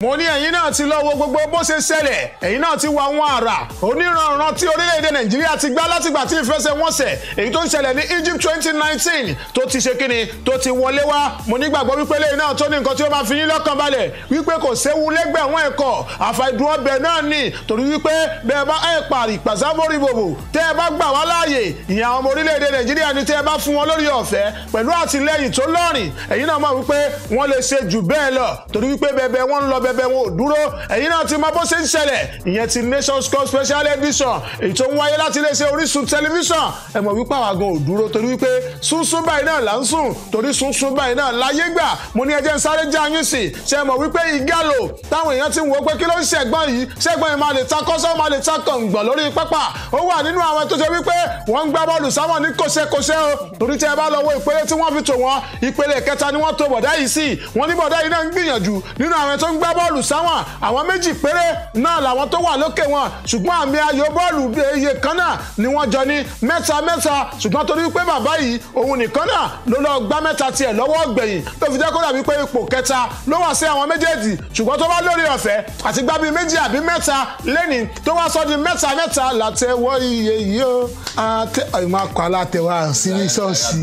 mo ní ẹ̀yin náà ti lọ wo gbogbo bó ṣe ṣẹlẹ̀ ẹ̀yin náà ti wo àwọn àrà oníranran tí orílẹ̀-èdè nàìjíríà ti gbá látìgbà tí ìfẹsẹ̀wọnsẹ̀ èyí tó ń ṣẹlẹ̀ ní Egypt twenty nineteen tó ti ṣe kíni tó ti wọlé wá mo nígbàgbọ́ wípé lẹ́yìn náà tó ní nǹkan tí ó máa fi yín lọ́kàn balẹ̀ wípé kò séwu lẹ́gbẹ̀ẹ́ àwọn ẹ̀kọ́ àfàìdúró bẹ̀ náà ni torí wípé bẹ́ẹ̀ bá ẹ̀ parí pàṣámórì bòbò tẹ́ ẹ bá gbà wá láàyè ìyẹn àwọn ọmọ orílẹ̀-èdè nàìjíríà ni tẹ́ ẹ bá fún wọn lórí ọ̀fẹ́ pẹ̀lú àtìlẹ́yìn tó lọ́rìn ẹ̀yin náà mọ̀ wípé wọ́n lè ṣe jù bẹ́ẹ̀ lọ torí wípé bẹ́ẹ̀ bẹ́ẹ̀ wọ́n ń lọ bẹ bẹ̀bẹ̀ wọn ò dúró ẹ̀yin náà ti mọ bó ṣe ń ṣẹlẹ̀ ìyẹn ti Nations Cup special edition èyí tó ń wáyé láti iléeṣẹ́ Orísun tẹlifíṣàn ẹ mọ̀ wípé àwa gan ò torí wípé sunsun báyìí náà là ń sùn torí sunsun báyìí náà láyé gbà mo ní ẹjẹ́ ń sáré já yín sí ṣe mọ̀ wípé ìgàlò táwọn èèyàn ti wò ó pé kí ló ń ṣẹ̀gbọ́n yìí ṣẹ̀gbọ́n yìí máa lè ta kọ́sọ́ máa lè ta kọ̀ǹgbọ̀n lórí pápá ó wà nínú àwọn tó ṣe wípé wọ́n ń gbá bọ́ọ̀lù sáwọn ní kòṣekòṣe o torí tí ẹ bá lọ wo ìpele tí wọ́n fi tò wọ́n ìpele kẹta ni wọ́n tò bọ̀dá yìí sí wọ́n ní bọ̀dá yìí náà ń gbìyànjú nínú àwọn tó ń gbá b bọ́ọ̀lù sáwọn àwọn méjì péré náà làwọn tó wà lókè wọn ṣùgbọ́n àmì ayò bọ́ọ̀lù iye kan náà ni wọ́n jọ ní mẹ́ta mẹ́ta ṣùgbọ́n torí pé bàbá yìí òun nìkan náà ló lọ gbá mẹ́ta tiẹ̀ lọ́wọ́ gbẹ̀yìn tó fi jẹ́ kó dàbí pé ipò kẹta ló wà sí àwọn méjèèjì ṣùgbọ́n tó bá lórí ọ̀fẹ́ àti gbá bíi méjì àbí mẹ́ta lẹ́ni tó wá sọ di mẹ́ta mẹ́ta látẹ̀wọ́ iye yìí o àtẹ ìmọ̀ akọ alátẹ̀wọ́ sí ní ṣọ́ọ̀ṣì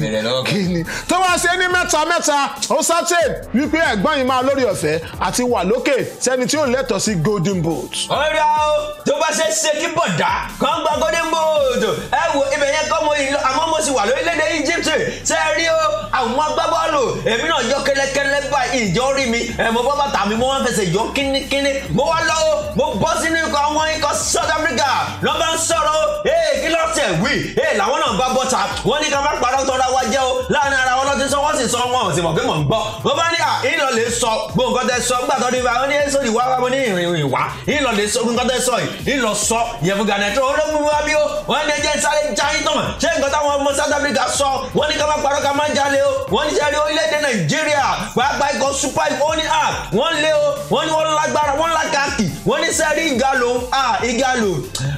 kí ni tó wá sí ní mẹ́ta mẹ́ta ó sátẹ̀ wípé ẹ̀gbọ́n yìí máa lórí ọ̀fẹ́ àti wà lókè sókè sẹ́ni tí ó lẹ́tọ̀ọ́ sí golden boot. ọ̀rẹ́ o tó bá ṣe ṣe kí bọ̀dá kan gba golden boot ẹ wo ibẹ̀ yẹn kọ́ mo yìí lọ àmọ́ mo sì wà lórílẹ̀‐èdè Egypt ṣe rí o àwọn agbábọ́ọ̀lù èmi náà yọ kẹ́lẹ́kẹ́lẹ́ bá ìjọ rí mi mo bọ́ bàtà mi mo wọ́n fẹsẹ̀ yọ kínníkínní mo wá lọ́wọ́ mo bọ́ sínú ikọ̀ àwọn ikọ̀ South Africa lọ́ bá ń sọ̀rọ̀ ee kí lọ́ọ̀tẹ̀ wí ee làwọn náà bá bọ́ta wọ́n ní ká ń sọ wọn ò sì mọ̀ pé mò ń gbọ́ mo bá ní à ìlọ lè sọ gbogbo nǹkan tẹ sọ nígbà tó ní fa ó ní èso ìwá wa mo ní ìrìn ìwá ìlọ lè sọ nǹkan tẹ sọ yìí ìlọ sọ yẹn fún gànà tó olóògùn wa bí ó wọn ní ẹjẹ sáré jáyé tán ṣé nǹkan táwọn ọmọ South Africa sọ wọn ní ká má parọ́ ká má jalè o wọn ní sẹ́rí orílẹ̀-èdè Nàìjíríà pàápàá ikọ̀ super ikọ̀ ó ní à wọ́n lé o wọ́n ní wọ́n lágbára wọ́n lágbára wọ́n ní sẹ́rí ìgalò ah ìgalò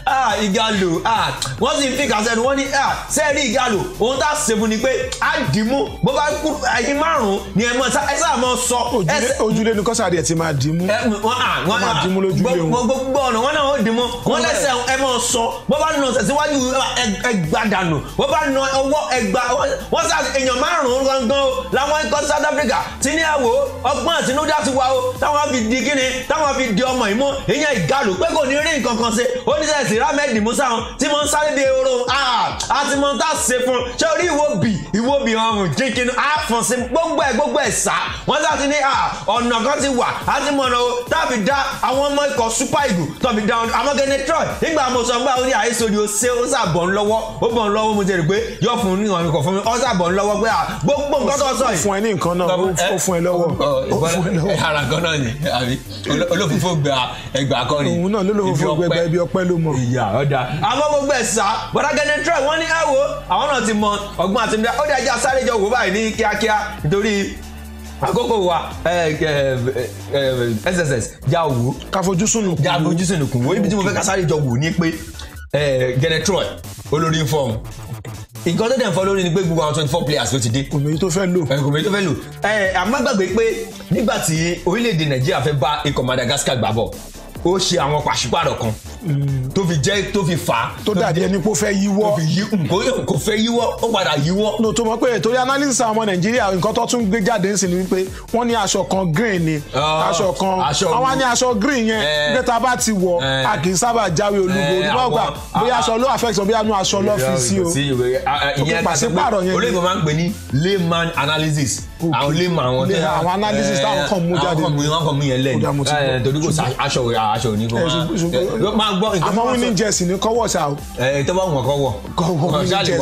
ah ìgalò ah wọ́n sì ń fi kàṣẹ́nu wọ́n ní ah sẹ́rí ìgalò ohun tá a ṣe fún ni pé á dìímú bó bá kú ẹyin márùn ni ẹ mọ ẹ sáà mọ sọ. ojúlé ni kọ́sàdì ẹ̀ ti máa dìímú wọ́n máa dìímú lójúlé wọn. gbogbo ọ̀nà wọn náà wọ́n dìímú wọ́n lẹ́sẹ̀ ẹ mọ sọ bó bá nà ọ̀sẹ̀ síwájú ẹgbà dànù bó bá nà ọwọ́ ẹgbà wọ́n sà èèyàn márùn-ún gangan làwọn ikọ̀ South Africa ti ní ẹ̀wò ọgbọ́n àtinúdá ti wá o táwọn fi di ọmọ ìmú ìyẹn ìgalù pé kò ní rí nǹkan kan ṣe ó ní sẹ́ẹ̀sì musa wọn tí mo ń sáré de oró àti mo ń tà ṣe fún ṣé orí ìwo bì ìwo bì ọrùn jíkinu àfọ̀n sí gbogbo ẹ̀ gbogbo ẹ̀ sá wọ́n sá ní ọ̀nà kan ti wà àti mọ̀nà o táàbì dá àwọn ọmọ ikọ̀ super eagle tọ̀bì dá amọ́gẹ́ni troy nígbà mo sọ nígbà orí àìsòdì o ṣe ó sàbọ̀ ń lọ́wọ́ ó bọ̀ ń lọ́wọ́ mo ti pé yọ fún fún gbà ẹgbà kan ni òun náà ló lówó fún gbẹgbẹ ibi ọpẹ ló mọ. ìyá ọ̀dà àmọ́ gbogbo ẹ̀ sá bọ̀dágẹ́ni trump wọ́n ní ẹ àwọn náà ti mọ ọgbọ́n àti mídíà ó dẹ̀ ẹja sáré jọ wò báyìí ní kíákíá nítorí àkókò wa sss ja wo. ká fojú sunukun ja fojú sunukun wo ibi tí mo fẹ́ ká sáré jọ wò ni pé gẹ́nẹ́trọ̀ olórí fọ́ọ̀mù nǹkan tó dẹ̀ ń fọ́ lórí ni pé gbogbo àwọn twenty four players ló ti dé. kòmèyí tó fẹ́ lò. kòmèyí tó fẹ́ lò. ẹ àmọ́ gbàgbé pé nígbà tí orílẹ̀-èdè nàìjíríà fẹ́ bá ikọ̀ Madagascar gbà bọ̀ ó ṣe àwọn pàṣípàrọ̀ kan tó fi jẹ́ tó fi fà á. tó dàbí ẹni kó fẹ́ yíwọ́. tó fi yí nǹkó kò fẹ́ yíwọ́ ó padà yíwọ́. no tó mọ̀ pé torí analysis àwọn ọmọ nàìjíríà nǹkan tó tún gbé jáde sí ni wípé wọ́n ní aṣọ kan green ni ah, aṣọ kan àwọn ní aṣọ green yẹn pé eh. tá bá ti wọ̀ eh. a kì í sábà jáwé olúborí eh, báwo gbà bóyá aṣọ ló affect bóyá nu aṣọ ló o. ìyẹn pàṣípàrọ̀ yẹn ni olóògbé máa ń pè ní layman analysis àwọn lè mọ àwọn tẹ àwọn analysis eh, táwọn kàn mú jáde àwọn kàn mú yẹn lẹ ní eh, torí kò aṣọ òyà aṣọ òní kò eh, máa máa gbọ́ nǹkan. àmọ́ winning jersey ni kọ́wọ́ sa o. ẹ tọ́wọ́ wọn kọ́wọ́ kọ́wọ́ winning jersey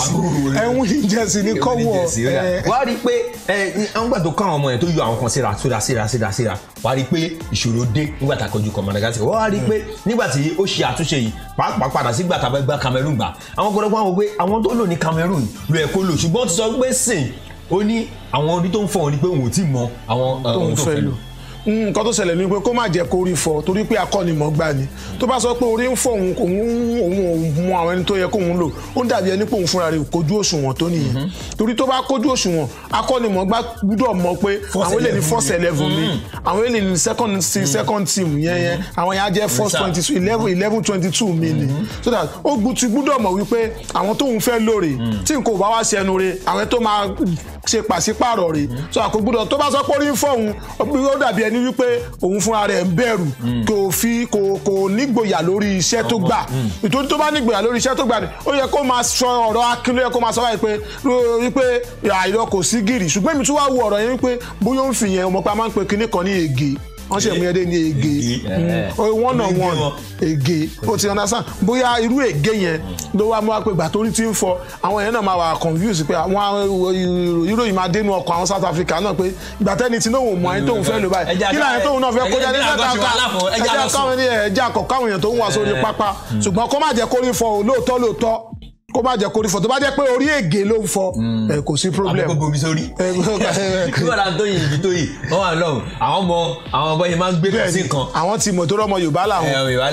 ẹ winning jersey ni kọ́wọ́. wàá rí i pé ẹ nígbà tó kọ́ àwọn ọmọ yẹn tó yọ àwọn kan síra síra síra síra síra wàá rí i pé ìṣòro dé nígbà tá a kojú kọ Madagascar wàá rí i pé nígbà tí ó ṣe àtúnṣe yìí pàápàá padà sígbà tá a bá gba Cameroon gbà àwọn gbọdọ̀ pé àwọn tó lò ní Cameroon lò ẹ̀kọ́ lò ṣùgbọ́n ti sọ pé sìn ó ní àwọn orin tó ń fọ òun ni pé òun ò tí ì mọ àwọn tó ń fẹ́ lò Mm, nǹkan tó ṣẹlẹ̀ ni pé kó má jẹ́ kó rí fọ́ torí pé akọ́nimọ̀ọ́gbá ni tó bá sọ pé orí ń fọ́ òun òun òun mọ àwọn ẹni tó yẹ kóun lò ó dàbí ẹni pé òun fúnra rẹ̀ kojú òṣùwọ̀n tó nìyẹn mm-hmm. torí tó bá kojú òṣùwọ̀n akọ́nimọ̀ọ́gbá gbúdọ̀ mọ̀ pé àwọn eléyìí first eleven mi mm-hmm. àwọn eléyìí second mm-hmm. second team yẹn yẹn àwọn yẹn á jẹ́ first twenty two eleven eleven twenty two mi ni so that ó ti gbúdọ̀ mọ̀ wípé àwọn tóun fẹ́ lóore mm. tí nǹkan ò bá wá ṣẹnu re àwọn tó máa ṣe pàṣípàrọ̀ rẹ̀ so àkógbúdọ̀ tó bá sọ pé orí ń fọ́ òun ó dàbí ẹni ní wípé òun fúnra rẹ̀ ń bẹ̀rù hmm. kò fi kò kò nígboyà lórí iṣẹ́ tó gbà ìtòjú hmm. tó bá nígboyà lórí iṣẹ́ tó gbà ni ó yẹ kó máa sọ ọ̀rọ̀ akin ló yẹ kó máa sọ báyìí pé wípé àìrọ kò sí gìrì ṣùgbọ́n èmi tún wá wo ọ̀rọ̀ yẹn wípé bóyá ó ń fìyẹn ọmọ pa máa ń pe kinní kan ní ègè wọ́n ṣe ìmúyẹ́dẹ́ ní ege eh, oh, one on one ege o ti understand bóyá irú ege yẹn ló wá mú wa pé ìgbà torí ti ń fọ àwọn yẹn náà máa wà confused pé àwọn uh, ìròyìn máa dénú ọkọ̀ àwọn South Africa náà pé ìgbà tẹ́ni tí lóun mọ̀ ẹni tóun fẹ́ lò báyìí kí láyẹn tóun náà fẹ́ kó jáde South Africa ẹjẹ́ àkọ́kọ́ àwọn èèyàn tó ń wá sórí pápá mm. ṣùgbọ́n kó má jẹ́ kó rí fọ òlóòótọ́ lóòótọ́ kó má jẹ́ kórí fọ tó bá jẹ́ pé orí ègè ló ń fọ hmm. kò sí problem. àbúkò gomi sórí ìgbìmọ̀ la tó yìí ibi tó yìí wọ́n wà lọ́hùn àwọn ọmọ àwọn ọmọ yìí máa ń gbé kàn sí kan. àwọn tí mò tó rọmọ Yorùbá làwọn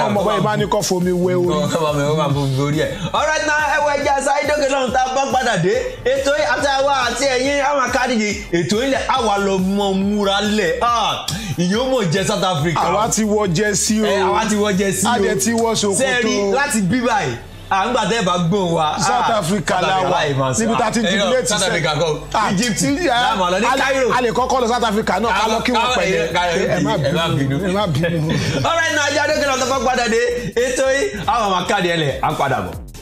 ọmọ bọ́ yìí máa ní kọ́ hmm, fomi wẹ orí. ọmọ máa fomi orí ẹ̀ ọ̀rẹ́ náà ẹwọ a bá padà dé ètò yìí àti àwa àti ẹ̀yin ah, South Africa. àwa ti wọ jẹ sí o. àwa ti wọ jẹ sí o. a dẹ̀ ti wọ ṣòkòtò. sẹ́ẹ̀rí láti bíbáyìí à ń gbàdé bá gbóhùn wa. South Africa la wa níbi tá a ti jubilate sẹ Egypt a lè kọ́kọ́ lọ South Africa náà ká lọ kí wọ́n pẹ̀lẹ́ ẹ má bínú ẹ má bínú. ọ̀rẹ́ náà ajá dókè lọ́tọ́ fọ́ padà dé ètò yìí àwọn ọmọ akáàdì ẹlẹ̀ á padà bọ̀.